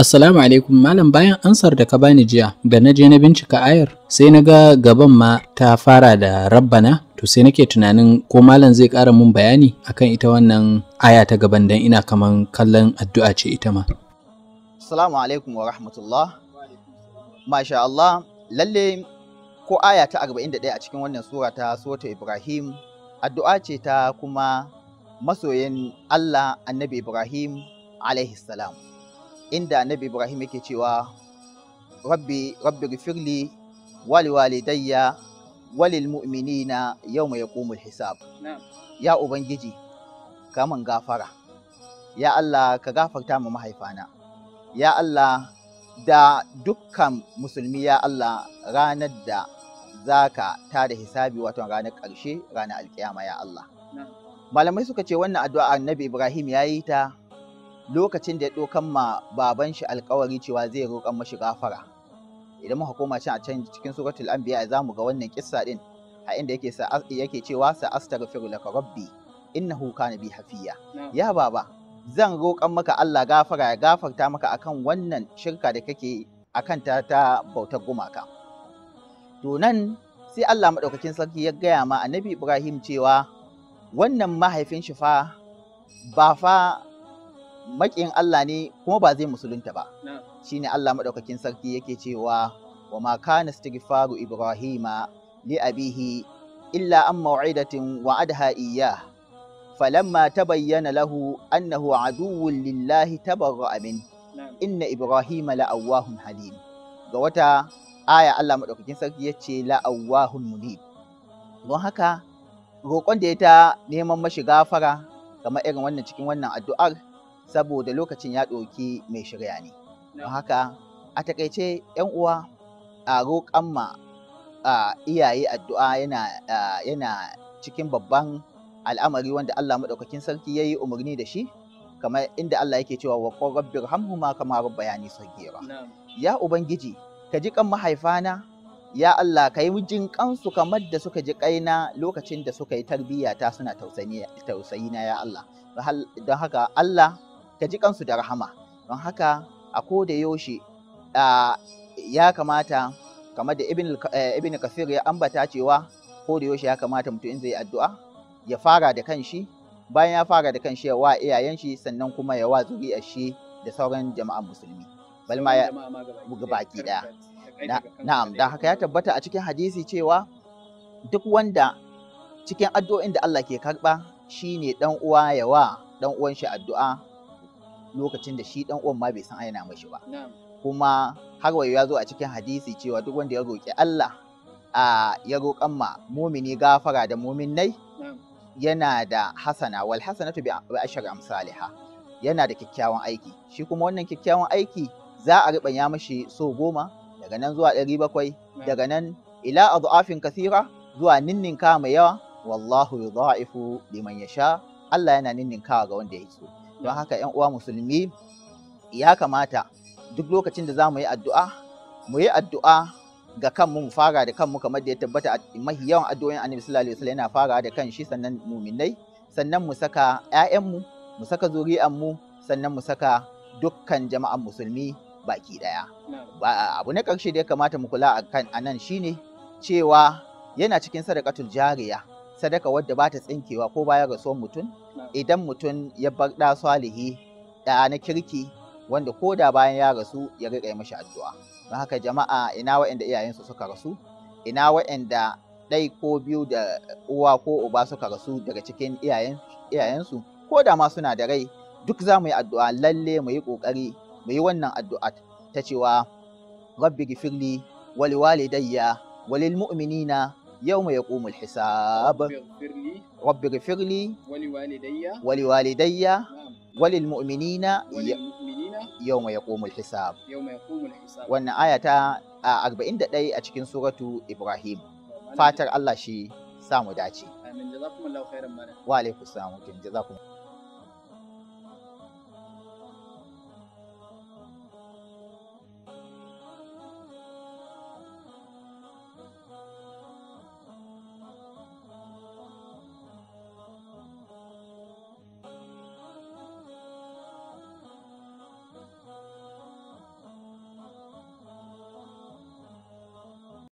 Assalamu alaikum malam bayan ansar da ka bani jiya da na je na bincika ayar sai na ga gaban ma ta fara da rabbana to sai nake tunanin ko malam zai ƙara mun bayani akan ita wannan aya ta gaban dan ina kaman kallon addu'a ce ita ma. Assalamu alaikum wa rahmatullah. Masha Allah lalle ko aya ta 41 a cikin wannan sura ta Sota Ibrahim addu'a ce ta kuma masoyin Allah Annabi Ibrahim alaihi salam. inda annabi ibrahim yake cewa rabbi rabbi gifirli wali walidayya walil mu'minina yawma yaqumul hisab ya ubangiji ka mun gafara ya Allah ka gafarta mu mahaifana ya Allah da dukkan musulmi ya Allah ranar da zaka ta da hisabi wato ranar ƙarshe ranar alkiyama ya Allah malamai suka ce wannan addu'a annabi Ibrahim ya yi ta lokacin da ya ɗaukan ma baban shi alkawari cewa zai roƙan mashi gafara idan muka koma can a can cikin suratul anbiya za mu ga wannan kissa din a inda yake sa yake cewa sa astaghfiru laka rabbi innahu kana bi hafiya ya baba zan roƙan maka Allah gafara ya gafarta maka akan wannan shirka da kake akan ta ta bautar gumaka to nan sai Allah madaukakin sarki ya gaya ma annabi Ibrahim cewa wannan mahaifin shi fa ba fa Maƙin Allah ne kuma ba zai musulunta ba Shi ne Allah maɗaukakin sarki yake cewa wa ma kana istighfaru ibrahima li abihi illa an maw'idatin wa'adaha iyyah falamma bayyana lahu annahu aduwwun lillahi tabarra'a amin. inna ibrahima la'awwahun halim ga wata aya Allah maɗaukakin sarki ya yace la'awwahun munib don haka roƙon da ya ta neman mashi gafara kamar irin wannan cikin wannan addu'ar saboda lokacin ya ɗauki mai shirya ne don haka a takaice yan uwa a roƙon ma iyaye addu'a yana cikin babban al'amari wanda Allah maɗaukakin sarki ya yi umarni da shi kamar inda Allah yake cewa wa rabbir hamhuma kama nisa gera. ya ubangiji ka ji kan mahaifana ya Allah ka yi jin kansu kamar da suka ji kaina lokacin da suka yi tarbiyya suna tausayi na ya Allah don haka Allah ka ji kansu da rahama don haka a ko da yaushe ya kamata kamar da ibn kasir eh, ya ambata cewa ko da yaushe ya kamata mutum in zai addu'a ya fara da kanshi bayan ya fara da kanshi ya wa iyayen shi sannan kuma ya wa zuriyar shi da sauran jama'an musulmi balma ya baki daya na'am da haka ya tabbata a cikin hadisi cewa duk wanda cikin addu'o'in da Allah ke karba shine dan uwa ya wa dan uwan shi addu'a lokacin da shi dan uwan ma bai san aina mashi ba kuma har wayo ya zo a cikin hadisi cewa duk wanda ya roƙi Allah a ya roƙan ma mumini gafara da muminai yana da hasana wal hasanatu bi ashar amsalha yana da kyakkyawan aiki shi kuma wannan kyakkyawan aiki za a ya mashi so goma daga nan zuwa ɗari bakwai daga nan ila adu'afin kasira zuwa kawa mai yawa wallahu yudha'ifu liman yasha Allah yana ninnin kawa ga wanda ya so don haka yan uwa musulmi ya kamata duk lokacin da za mu yi addu'a mu yi addu'a ga kanmu mu fara da kanmu kamar da ya tabbata mafi yawan addu'o'in annabi sallallahu alaihi wasallam yana fara da kan shi sannan muminai sannan mu saka 'ya'yanmu mu saka zuri'anmu sannan mu saka dukkan jama'an musulmi baki daya abu na karshe da ya kamata mu kula a kan anan shine cewa yana cikin sadaqatul jariya sadaka wadda ba ta tsinkewa ko bayan rasuwan mutum idan mutum ya bar ɗa salihi ɗa na kirki wanda ko da bayan ya rasu ya riƙa mashi addu'a don haka jama'a ina waɗanda iyayensu suka rasu ina waɗanda ɗai ko biyu da uwa ko uba suka rasu daga cikin iyayensu ko da ma suna da rai duk za mu yi addu'a lalle mu yi ƙoƙari mu yi wannan addu'a ta cewa rabbi gifirli wali walidayya walil mu'minina yau mai yaƙumul hisab rabbi gifirli ولوالدي ولوالدي نعم. وللمؤمنين وللمؤمنين يوم يقوم الحساب يوم يقوم الحساب wannan aya ta 41 a cikin suratu Ibrahim fatar Allah shi samu dace amin jazakumullahu khairan mana wa alaikum salam jazakumullahu